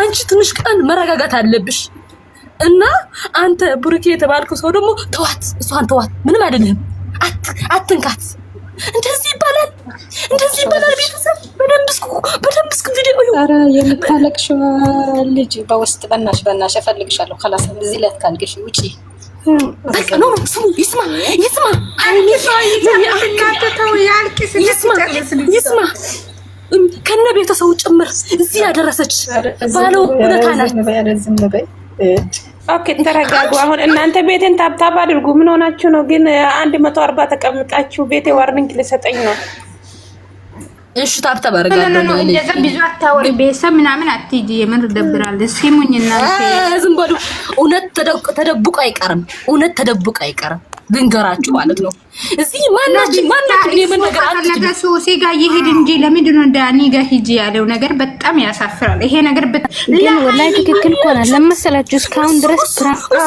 አንቺ ትንሽ ቀን መረጋጋት አለብሽ። እና አንተ ቡርኬ የተባልከው ሰው ደግሞ ተዋት፣ እሷን ተዋት፣ ምንም አይደለም፣ አትንካት። እንደዚህ ይባላል፣ እንደዚህ ይባላል። ቤተሰብ በደንብ እስኩ በደንብ እስኩ ቪዲዮ እዩ። ኧረ የምታለቅሽው ልጅ በውስጥ በናሽ በናሽ እፈልግሻለሁ። ከላስ እዚህ ላይ አትካልቅሽ፣ ውጪ ይስማ ከነ ቤተሰቡ ጭምር እዚህ ያደረሰች ባለው ሁኔታ ናት። ኦኬ ተረጋጉ። አሁን እናንተ ቤቴን ታብታብ አድርጉ። ምን ሆናችሁ ነው ግን? አንድ መቶ አርባ ተቀምጣችሁ ቤቴ ዋርኒንግ ልሰጠኝ ነው። እሺ ታብታብ አደርጋለሁ። እንደዛ ብዙ አታወሪ፣ ቤተሰብ ምናምን አትሂጂ። የምር ደብራል። ስሙኝ እናንተ ዝም በሉ። እውነት ተደብቆ አይቀርም። እውነት ተደብቆ አይቀርም። ልንገራችሁ ማለት ነው። እዚህ ማናችን ማናችን የመነገር ነገር ሶሴ ጋር ይሄድ እንጂ ለምንድን ነው ዳኒ ጋር ሂጂ ያለው ነገር በጣም ያሳፍራል። ይሄ ነገር ግን ወላሂ ትክክል እኮ ናት። ለመሰላችሁ እስካሁን ድረስ ኢትዮጵያ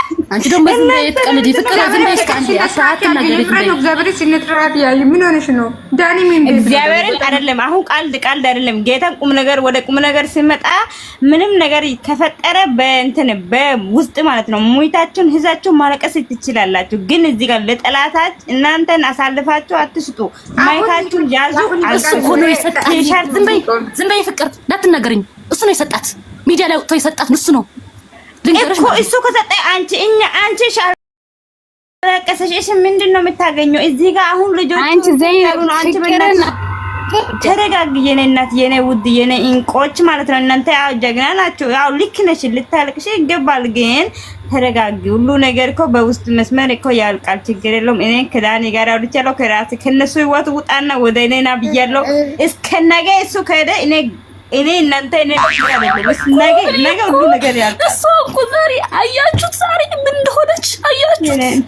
አንቺ ደግሞ ዝም ብለሽ የትቀልድ ፍቅር ዝም ብለሽ ካንቺ አሳታና ገሪት ነው። እግዚአብሔር ሲነጥራት ያይ ምን ሆነሽ ነው ዳኒ? ምን እግዚአብሔርን አይደለም አሁን ቀልድ ቀልድ አይደለም ጌታን ቁም ነገር ወደ ቁም ነገር ሲመጣ ምንም ነገር ተፈጠረ በእንትን በውስጥ ማለት ነው። ሙይታችሁን ህዛችሁ ማለቀስ ትችላላችሁ፣ ግን እዚህ ጋር ለጠላታች እናንተን አሳልፋችሁ አትስጡ። ማይካችሁን ያዙ። እሱ ሆኖ የሰጣት። ዝም በይ ዝም በይ ፍቅር ዳትናገርኝ። እሱ ነው የሰጣት ሚዲያ ላይ ወጥቶ የሰጣት እሱ ነው እኮ እሱ ከሰጠ አንቺ እኛ አንቺ ሻለቀሰሽ እሺ፣ ምንድን ነው የምታገኘው እዚህ ጋር? አሁን ልጆቹ አንቺ ዘይሩ አንቺ በእናትሽ የኔ እናት፣ የኔ ውድ፣ የኔ እንቆች ማለት ነው። እናንተ ያው ጀግና ናችሁ። ያው ልክ ነሽ፣ ልታለቅሽ ይገባል። ግን ተረጋጊ። ሁሉ ነገር እኮ በውስጥ መስመር እኮ ያልቃል። ችግር የለውም። እኔ ከዳኒ ጋር አውርቻለሁ። ከራስ ከነሱ ህይወት ውጣና ወደ እኔና ብያለሁ። እስከ እሱ ከሄደ እኔ እኔ እናንተ እኔ ነገ ነገ ሁሉ ነገር ያለ እሷ እኮ ዛሬ አያችሁት፣ ዛሬ ምን እንደሆነች አያችሁት።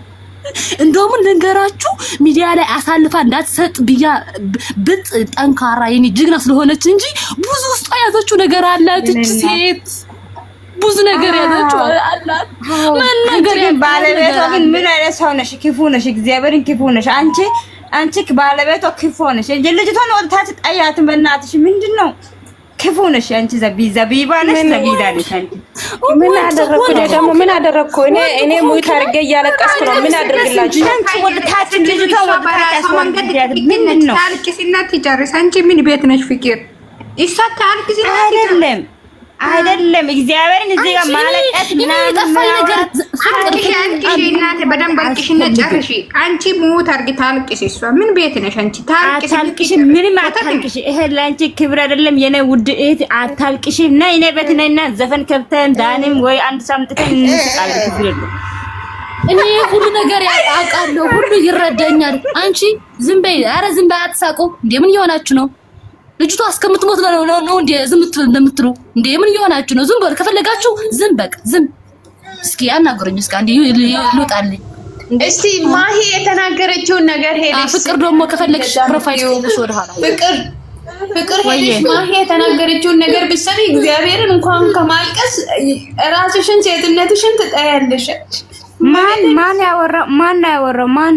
እንደውም ልንገራችሁ ሚዲያ ላይ አሳልፋ እንዳትሰጥ ብያ ብጥ ጠንካራ የኔ ጀግና ስለሆነች እንጂ ብዙ ውስጧ የያዘችው ነገር አላት። እች ሴት ብዙ ነገር ያዘችው አላት። ምን ነገር ባለቤቷ ግን ምን አይነት ሰው ነሽ? ክፉ ነሽ፣ እግዚአብሔርን ክፉ ነሽ አንቺ አንቺ ባለቤቷ ክፉ ነሽ። ልጅቷን ወጥታች ጠያትን። በእናትሽ ምንድን ነው ክፉ ነሽ አንቺ። ዘቢ ዘቢባ ነሽ፣ ዘቢዳ ነሽ አንቺ። ምን አደረኩ እኔ ደግሞ ምን አደረኩ እኔ? እኔ ሙት አድርጌ እያለቀስኩ ነው። ምን አድርግላችሁ? ወደታችን ልጅቷ ወደታች መንገድ ምን ነው ታልቅስና ትጨርስ። አንቺ ምን ቤት ነሽ ፍቅር? እሷ ታልቅስና አይደለም አይደለም፣ እግዚአብሔርን እዚህ ጋር ማለቀስ ምናምን በደንብ አንቺ ሙት አድርጊ ታልቅሽ። እሷ ምን ቤት ነሽ አንቺ? ታልቅሽ ምንም አታልቅሽ። ይሄ ለአንቺ ክብር አይደለም የኔ ውድ እህት፣ አታልቅሽ። ና እኔ ቤት ነኝና ዘፈን ከብተን ዳንም ወይ አንድ ሳምጥተን እንስቃለን። እኔ ሁሉ ነገር አውቃለሁ፣ ሁሉ ይረዳኛል። አንቺ ዝም በይ። አረ ዝም በይ፣ አትሳቁ። እንዴ ምን እየሆናችሁ ነው? ልጅቷ እስከምትሞት ነው ነው እንዴ ዝም የምትሉ እንዴ? ምን እየሆናችሁ ነው? ዝም በል። ከፈለጋችሁ ዝም በቃ ዝም እስኪ አናገሩኝ። እስኪ አንዴ ልውጣልኝ። እስቲ ማሂ የተናገረችውን ነገር ሄደሽ ፍቅር ደግሞ ከፈለግሽ ፕሮፋይል ወደ ኋላ ፍቅር ፍቅር ሄደሽ ማሂ የተናገረችውን ነገር ብትሰሚ እግዚአብሔርን እንኳን ከማልቀስ ራስሽን ሴትነትሽን ትጠያለሽ። ማን ማን ያወራ ማን ያወራ ማን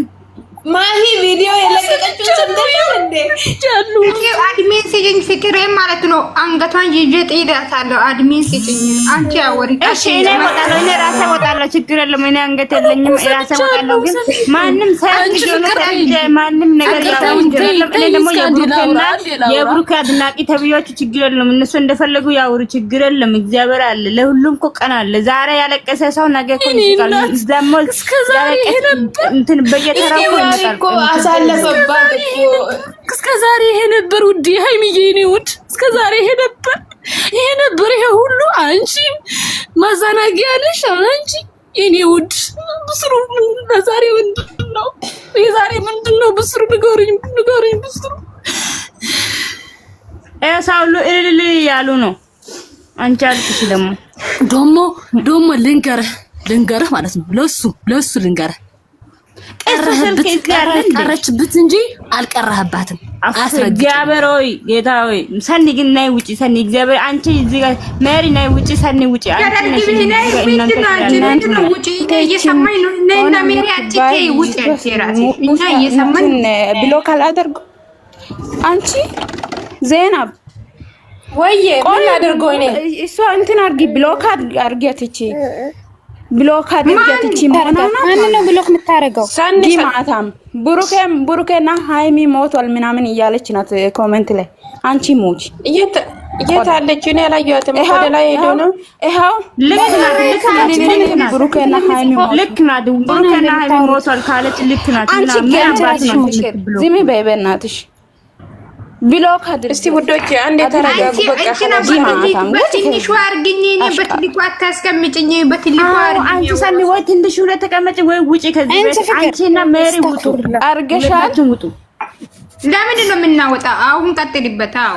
ማሂ ቪዲዮ የለቀቀችው ስንደለም እንዴ ቻሉ ፍቅሬ ማለት ነው። አንገቷን ይዤ ጥይዳታለሁ። አድሚን ሲጭኝ አንቺ ያወሪ ችግር የለም። እኔ አንገት የለኝም። ማንም የብሩክ አድናቂ ተብያችሁ ችግር የለም። እነሱ እንደፈለጉ ያወሩ ችግር የለም። እግዚአብሔር አለ። ለሁሉም እኮ ቀን አለ። ዛሬ ያለቀሰ ሰው ነገ እኮ ይስቃል። እስከ ዛሬ ይሄ ነበር ውድ ሀይሚዬ፣ የኔ ውድ እስከ ዛሬ ይሄ ነበር ይሄ ነበር ይሄ ሁሉ አንቺ ማዘናጊያ አንቺ የኔ ውድ ብስሩ ዛሬ ምንድን ነው? የዛሬ ምንድን ነው? ብስሩ ንገሩኝ፣ ንገሩኝ ብስሩ። እልል ነው። አንቺ ደግሞ ደግሞ ደግሞ ልንገርህ ልንገርህ ማለት ነው ለሱ ለሱ ልንገርህ ቀረችበት እንጂ አልቀረህባትም። እግዚአብሔር ሆይ ጌታ ሆይ ሰኒ ግን ናይ ውጪ ሰኒ እግዚአብሔር አንቺ እዚህ ጋር መሪ ናይ ውጪ ሰኒ ውጪ ብሎ ካላደርጎ አንቺ ዜናብ ወይዬ ምን አድርጎ እኔ እሷ እንትን አድርጊ ብሎ አድርጊያት ብሎክ አድርጋትቺ ማን ነው ብሎክ የምታረገው? ሳንዲ ማታም ብሩኬም ብሩኬና ሃይሚ ሞቷል ምናምን እያለች ናት ኮሜንት ላይ። አንቺ ሞች እየት እየት አለች? እኔ አላየኋትም። ወደ ላይ ሄዶ ነው። ይኸው ልክ ናት፣ ልክ ናት። ብሩኬና ሃይሚ ሞቷል፣ ልክ ናት። ብሩኬና ሃይሚ ሞቷል ካለች ልክ ናት። ዝም በይ በእናትሽ ብሎክ አድርጊ። እስቲ ውዶች አንዴ ተረጋጉ። በቃ በትንሹ አድርጊኝ፣ እኔ በትልቁ አታስቀምጪኝ። በትልቁ አንቺ ሳሚ ወይ ትንሹ ላይ ተቀመጪ ወይ ውጪ ከዚህ ቤት አንቺና ሜሪ ውጡ። አርገሻል። ለምንድን ነው የምናወጣ? አሁን ቀጥልበት። አዎ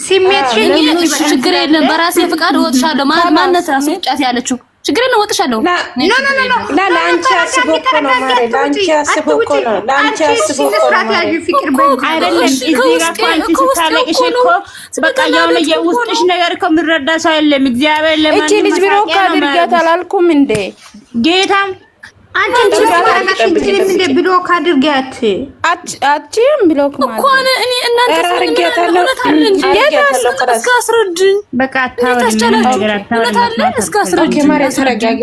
ችግር የለም። በራሴ ፍቃድ እወጥሻለሁ። ማነት ራሱ ያለችው ችግር የለም፣ እወጥሻለሁ። ለአንቺ አስቦ እኮ ነው ነው። ነው። አይደለም እዚህ በቃ የሆነ የውስጥሽ ነገር እኮ የምንረዳ ሰው የለም። እግዚአብሔር ለማንም እቺ ልጅ ቢሮ እኮ አድርጊያት አላልኩም እንዴ ጌታም አንቺ እንደ ብሎክ አድርጊያት። አቺም ብሎክ ማለት ነው እኔ እናንተ እስካስረድኝ በቃ ተረጋጊ፣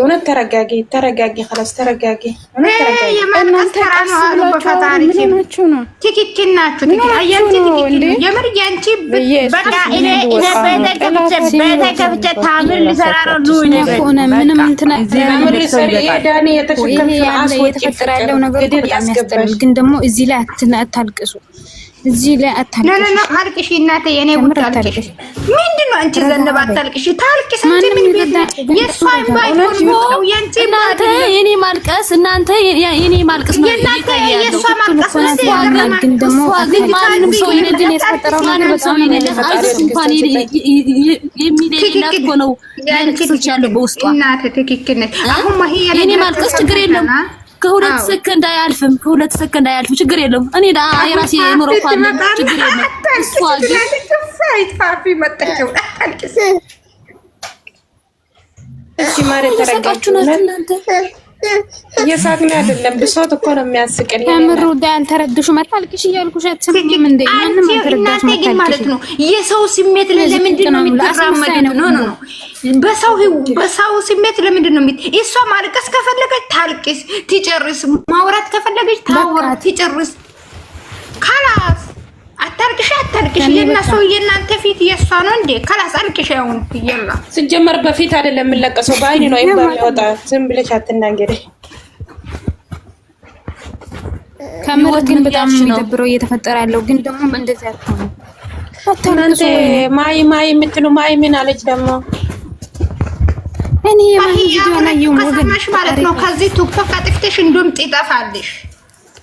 እውነት ተረጋጊ፣ ተረጋጊ፣ ከላስ ተረጋጊ። እናንተ ናችሁ ነው ትክክል ናችሁ። የምር ያንቺ በቃ እኔ በተገብቼ ታምር ልሰራ ነው ምንም እንትና ዳኒ የተሸ ይሄ ያለ የተፈጠረ ያለው ነገር በጣም ያስጠላል። ግን ደግሞ እዚህ ላይ አታልቅሱ። እዚህ ላይ አታልቅሽ። አልቅሽ፣ እናቴ የኔ ውድ አልቅሽ። ምንድን ነው አንቺ ዘነባ አታልቅሽ። ታልቅሽ አንቺ ምን ቤት የእሷ የአንቺ እናንተ የኔ ማልቀስ እናንተ የኔ ማልቀስ የእናንተ የእሷ ማልቀስ ግን ደግሞ ግን ማንም ሰው ይነድን የተፈጠረው ማንም ሰው ይነድን አይዞሽ እንኳን እኮ ነው ያለው በውስጧ እናቴ ትክክል ነች። አሁን የኔ ማልቀስ ችግር የለም ከሁለት ሰከንድ አያልፍም። ከሁለት ሰከንድ አያልፍም። ችግር የለም። እኔ ዳ የራሴ የኑሮ ፋን ችግር የለም። እሺ፣ ማሬ ተረጋግጡ እናንተ እየሳቅን አይደለም፣ ብሶት እኮ ነው የሚያስቅን። ከምሩ ዳይ አልተረድሹ መታልቅሽ እያልኩሽ አትሰሚም እንዴ? ማንም አልተረዳሽ መታልቅሽ ማለት ነው። የሰው ስሜት ለምንድን ነው ኖ ኖ ኖ በሰው በሰው ስሜት ለምንድን ነው የሚ እሷ ማልቀስ ከፈለገች ታልቅስ፣ ትጨርስ። ማውራት ከፈለገች ታውራ፣ ትጨርስ ካላ አታርቅሽ፣ አታርቅሽ። የእነሱ የእናንተ ፊት የእሷ ነው እንዴ? ከላስ አርቅሽ። አሁን የላ ስንጀመር በፊት አይደለም የምለቀሰው በአይን ነው ይባ የሚወጣ። ዝም ብለሽ አትናገሪ። ከምር ግን በጣም የሚደብረው እየተፈጠረ ያለው ግን ደግሞ እንደዚህ አትሆኑ። እናንተ ማይ ማይ የምትሉ ማይ ምን አለች ደግሞ እኔ ማይ ቪዲዮ ላይ የሆነ ማለት ነው። ከዚህ ቱፓ ከጥፍትሽ እንዱም ይጠፋልሽ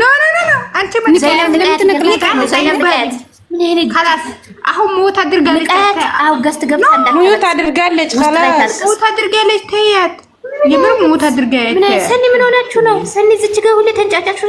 ኖ ኖ ኖ ኖ አንቺ አሁን ሞት አድርጋለች። ሞት አድርጋለች። ሞት አድርጋለች። ተያት የምር ሞት አድርጋለች። ሰኒ ምን ሆናችሁ ነው? ሰኒ ዝች ጋር ሁሌ ተንጫጫችሁ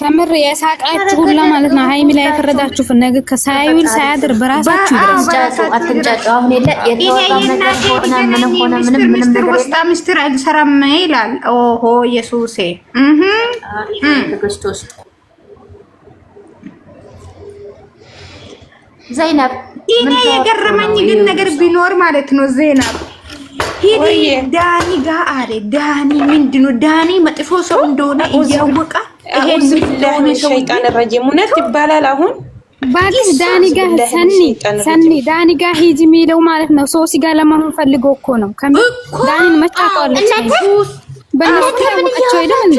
ከምር የሳቃችሁ ሁላ ማለት ነው። ሀይሚ ላይ ያፈረዳችሁ ነገ ከሳይውል ሳያድር በራሳችሁ ይረሳችሁ። አትንጫጩ። አሁን የለ ነገር ምስጢር አልሰራም ይላል። ኦሆ ኢየሱሴ ክርስቶስ ይሄ የገረመኝ ግን ነገር ቢኖር ማለት ነው ዘይናብ ሂድ ዳኒ ጋር አለ። ዳኒ ምንድን ነው? ዳኒ መጥፎ ሰው እንደሆነ እያወቀ ይሄን ዳኒ ሸይጣን ረጅም እውነት ሰኒ ሰኒ ዳኒ ጋር ሂጂ የሚለው ማለት ነው። ሶሲ ለመሆን ፈልጎ እኮ ነው። ዳኒን መቻቀዋለች በነሱ አይደል እንዴ?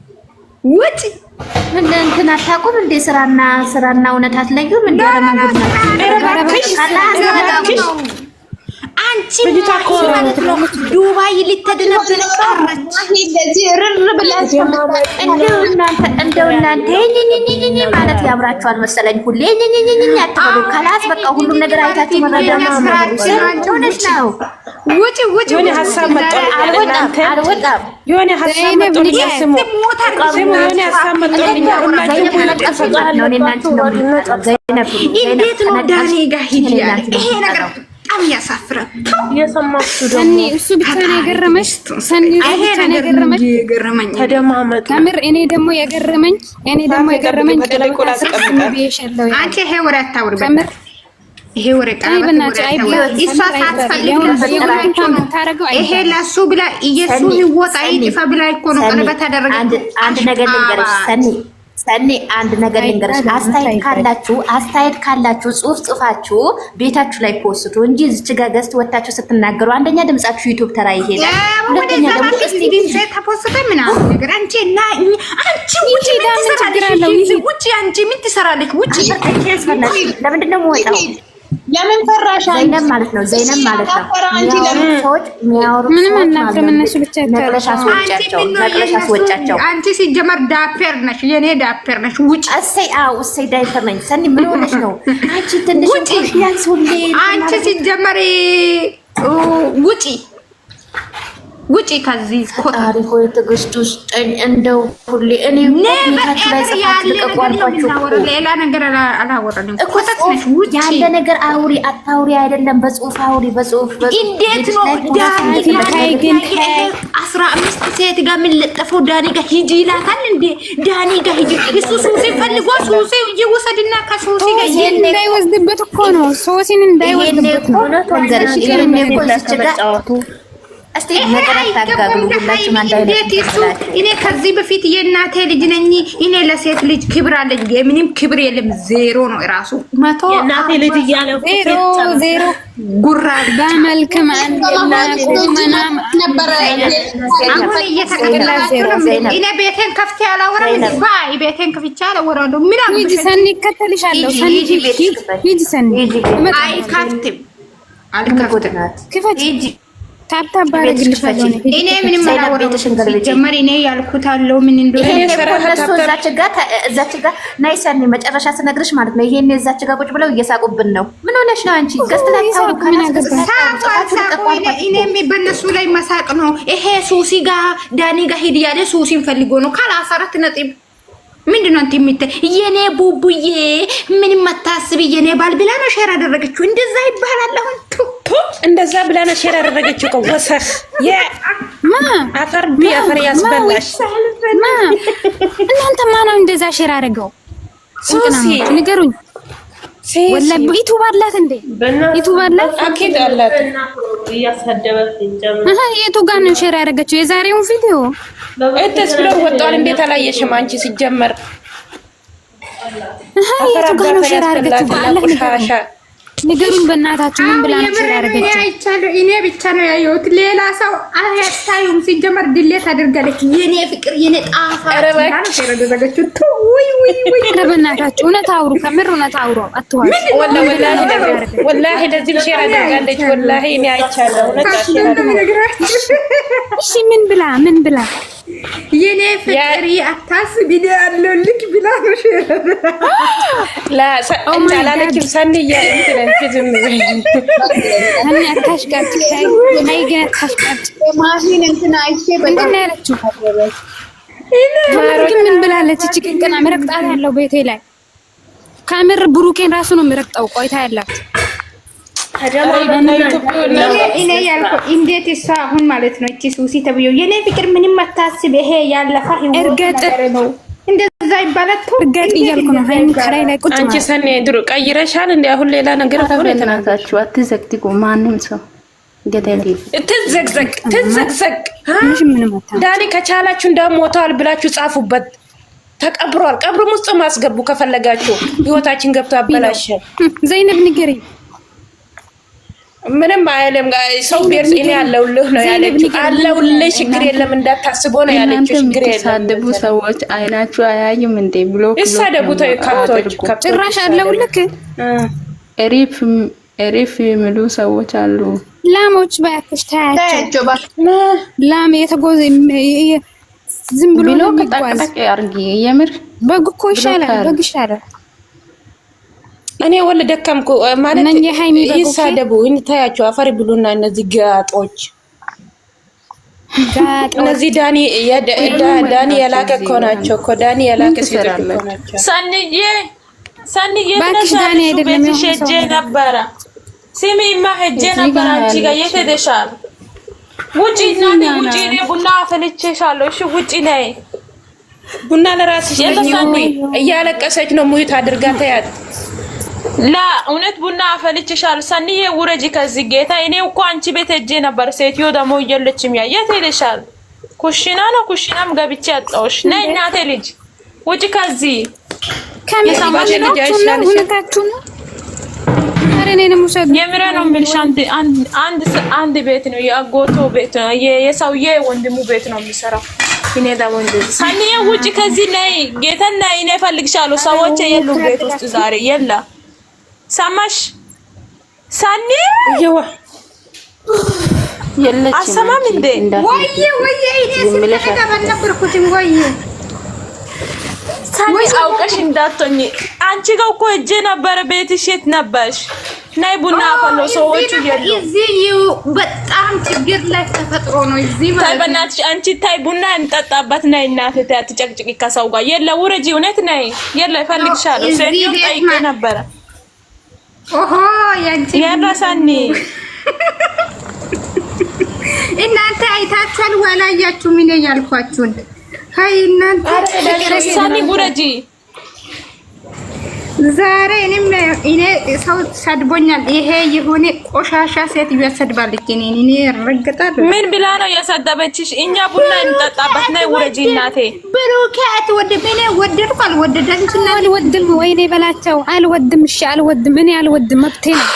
ውጭ እንትን አታውቁም እንዴ? ስራና ስራና እውነት አትለዩም እንዴ? አረማንጉድ ነው። አንቺ ዱባይ ልትደነብር ቀረች። እንደው እናንተ ማለት ያምራችኋል መሰለኝ። ሁሌ አትበሉ። ከላስ በቃ ሁሉም ነገር አይታችሁ ነው። ውጭ ውጭ የሆነ ሀሳብ መጣ። አልወጣም የሆነ ሀሳብ መጣ። ስሙ ስሙ። የሆነ ሀሳብ መጣ። እንዴት ነው ዳኔ ጋር ሂድ ያለ ይሄ ነገር በጣም ያሳፍራል። የሰማችሁ ደግሞ እሱ ብቻ ነው የገረመሽ? ሰኒ ይሄ ነገር የገረመኝ ተደማመጡ። ከምር እኔ ደግሞ የገረመኝ እኔ ደግሞ የገረመኝ ቀለቆላ ተቀምጣ አንቺ ይሄ ወራት ታውርበት ይሄ ወረቀት እሷ ይሄ ለሱ ብላ እየሱ ይወጣ ይጥፋ ብላ እኮ ነው ቀለበት ያደረገች። አንድ ነገር ልንገርሽ ሰኒ ሰኒ አንድ ነገር ልንገርሽ፣ አስተያየት ካላችሁ አስተያየት ካላችሁ ጽሁፍ ጽፋችሁ ቤታችሁ ላይ ፖስቱ እንጂ እዚች ጋ ገዝት ወታችሁ ስትናገሩ፣ አንደኛ ድምጻችሁ ዩቲዩብ ተራ ይሄዳል። ሁለተኛ ደግሞ አንቺ እና አንቺ አንቺ ምን ትሰራለች? የምወጣው? ለምን ፈራሽ? ዘይነብ ማለት ነው። ዘይነብ ማለት ነው። ሰዎች የሚያወሩት ምንም አናፍርም። እነሱ ብቻ ነቅለሽ አስወጫቸው፣ ነቅለሽ አስወጫቸው። አንቺ ሲጀመር ዳፔር ነሽ፣ የኔ ዳፔር ነሽ። ውጭ። እሰይ፣ አዎ፣ እሰይ፣ ዳይፐር ነኝ። ሰኒ ምን ሆነሽ ነው አንቺ? ትንሽ ውጭ። አንቺ ሲጀመር ውጪ ውጪ ከዚህ ሆይ ትዕግስት ውስጠኝ እንደው ሁሌ እኔ ሌላ ነገር አላወራንም። ያለ ነገር አውሪ አታውሪ አይደለም፣ በጽሁፍ አውሪ። በጽሁፍ እንዴት ነው ግን አስራ አምስት ሴት ጋር የምንለጠፈው? ዳኒ ጋ ሂጂ ይላታል እንዴ? ዳኒ ጋ ሂጂ። እሱ ሱሴ ፈልጎ ሱሴ እየወሰድና ከሱሴ ጋር እንዳይወስድበት እኮ ነው ሶሲን እንዳይወስድበት ነው እስቲ መቅረት ታጋግሉ እኔ ከዚህ በፊት የእናቴ ልጅ ነኝ። እኔ ለሴት ልጅ ክብር አለኝ። የምንም ክብር የለም፣ ዜሮ ነው። ራሱ መቶ እናቴ ልጅ እያለ ዜሮ ጉራ በመልክ እኔ ቤቴን ከፍቼ አላወራም። ባይ ቤቴን ከፍቼ አላወራም። ምን ሰኒ እከተልሻለሁ። ሰኒ ሂጂ፣ አልከፍትም። ታታ ባረግልሻለሁ። እኔ ምንም አላወራሁም። ጀመር እኔ ያልኩት አለው ምን እንደሆነ እዛች ጋር ናይ ሰኒ መጨረሻ ስነግርሽ ማለት ነው። ይሄን እዛች ጋር ቁጭ ብለው እየሳቁብን ነው። ምን ሆነሽ ነው አንቺ? እኔም በነሱ ላይ መሳቅ ነው። ይሄ ሱሲ ጋ ዳኒ ጋ ሂድ እያለ ሱሲን ፈልጎ ነው ካላ አስራ አራት ነጥብ ምንድን ነው የምታይ? የኔ ቡቡዬ ምንም አታስቢ፣ የኔ ባል ብላ ነው ሼር አደረገችው። እንደዛ ይባላል። አሁን እንደዛ ብላ ነው ሼር አደረገችው። ከወሰህ አፈር ቢ አፈር ያስበላሽ እናንተ ማነው እንደዛ ሼር አደረገው? ንገሩኝ ዩቱብ አላት እንዴ? ዩቱብ አላት አኪድ አላት። የቱ ጋር ነው ሼር ያደረገችው የዛሬውን ቪዲዮ? እትስ ብሎ ወጣል። እንዴት አላየሽም አንቺ? ሲጀመር የቱ ጋር ነው ሼር ያደረገችው? ንገሩን በእናታችሁ፣ ምን ብላ ነው ሼር ያደረገችው? እኔ ብቻ ነው ያየሁት፣ ሌላ ሰው አያታዩም። ሲጀመር ድሌት አድርጋለች። የኔ ፍቅር የኔ ጣፋ ሼር ያደረገችው ኧረ በእናታችሁ እውነት አውሩ፣ ከምር እውነት አውሩ። አትዋሽ። እሺ ምን ብላ ምን ብላ የኔ ፍቅሪ አታስቢ አለሁልሽ ብላ ነው አላለችም። oh ሰንዬ ዝም አታሽቃጭ። አይ ግን አታሽቃጭ። ምንድን ነው ያለችው? ማሮግ ምን ብላለች? እቺ ቅንቅና መረቅጣት ያለው ቤቴ ላይ ከምር ብሩኬን ራሱ ነው የሚረቅጠው። ቆይታ ያላት እኔ ያልኩት እንዴት እሷ አሁን ማለት ነው እቺ ሱሲ ተብዬው የኔ ፍቅር ምንም አታስብ፣ ይሄ ያለፈ እርገጥ እንደዛ ይባላል። እርገጥ እያልኩ ነው። ሀይሚ ከላይ ላይ ቁጭ አንቺ ሰኔ ድሮ ቀይረሻል እንዴ? አሁን ሌላ ነገር ታብለ አትዘግዝቁ። ማንም ሰው ገደል ትዘግዘግ ትዘግዘግ ዳኒ ከቻላችሁ እንደውም ሞተዋል ብላችሁ ጻፉበት። ተቀብሯል። ቀብሩም ውስጥ ማስገቡ ከፈለጋችሁ ህይወታችን ገብቶ አበላሸ። ዘይነብ ንገሪ ምንም አይልም። ሰው ቤርጽ እኔ አለውልህ ነው ያለችው። አለውልህ ችግር የለም እንዳታስቦ ነው ያለችው። ችግር የለም ሳደቡ ሰዎች አይናችሁ አያይም እንዴ ብሎ ይሳደቡ። ተው ከብቶች ጭራሽ አለውልክ ሪፍ ሪፍ የሚሉ ሰዎች አሉ። ላሞች ባያቸው ታያቸው ላም የተጎዘ ዝም ብሎ የሚጓዝ አርጊ የምር በግ እኮ ይሻላል። በግ ይሻላል። እኔ ወለ ደከምኩ ማለት ይሳደቡ እንታያቸው አፈር ብሉና እነዚህ ጋጦች እነዚህ ዳኒ ዳኒ የላከ እኮ ናቸው እኮ ዳኒ የላከ ሰንዬ ሰንዬ ተነሳ ቤትሽ ሄጄ ነበረ ስሚማ ሄጄ ነበር አንቺ ጋር የት ሄደሻል? ውጪ እናቴ ውጪ፣ እኔ ቡና አፈልቼሻለሁ። እሺ ውጪ ነይ ቡና ለራስሽ እያለቀሰች ነው ሙይት አድርጋ ተያት። ላ እውነት ቡና አፈልቼሻለሁ። ሰኒዬ ውረጂ ከዚህ ጌታ። እኔ እኮ አንቺ ቤት ሄጄ ነበር። ሴትዮ ደግሞ እየለችም ያ የት ሄደሻል? ኩሽና ነው ኩሽናም ገብቼ አጣሁሽ። ነይ እናቴ ልጅ ውጪ ከዚህ ከምን ሁኔታችሁ ነው የምሬ ነው የምልሽ። አንድ ቤት ነው የአጎቶ ቤት ነው የሰውዬ ወንድሙ ቤት ነው የሚሰራው። እኔ ደግሞ እንደዚህ ሳኒዬ ውጭ ከዚህ ላይ ጌተና እኔ እፈልግሻለሁ። ሰዎች የሉም ቤት ውስጥ ዛሬ የላ ሰማሽ? ሳኒ አሰማም እንዴ? ወይዬ ወይዬ እኔ ሲመለከ ባልነበርኩትም ወይዬ ወይ አውቀሽ እንዳትሆኝ። አንቺ ጋር እኮ ሂጅ ነበረ ቤትሽ የት ነበርሽ? ናይ ቡና አፈሎ ሰዎቹ ይሉ በጣም ችግር ላይ ተፈጥሮ ነው። እዚህ ማለት በእናትሽ አንቺ ታይ ቡና እንጠጣበት ናይ እናት አትጨቅጭቂ ከሰው ጋር የለ ውረጂ። እውነት ናይ የለ እፈልግሻለሁ። ሰኒው ጠይቄ ነበረ። ኦሆ ያንቺ ያራሳኒ እናንተ አይታችኋል ወላያችሁ ምን ያልኳችሁን ሳሚ ውረጂ። ዛሬ እኔ ሰው ሰድቦኛል። ይሄ የሆነ ቆሻሻ ሴት እያሰድባለች። እኔ እረግጣለሁ። ምን ብላ ነው የሰደበችሽ? እኛ ቡና እንጠጣበት ነው። ውረጂ እናቴ። ብሩኬ አትወድም። እኔ ወደድኩ አልወደደችም። አልወድም። ወይኔ በላቸው። አልወድም። እሺ አልወድም። እኔ አልወድም። መብቴ ነው።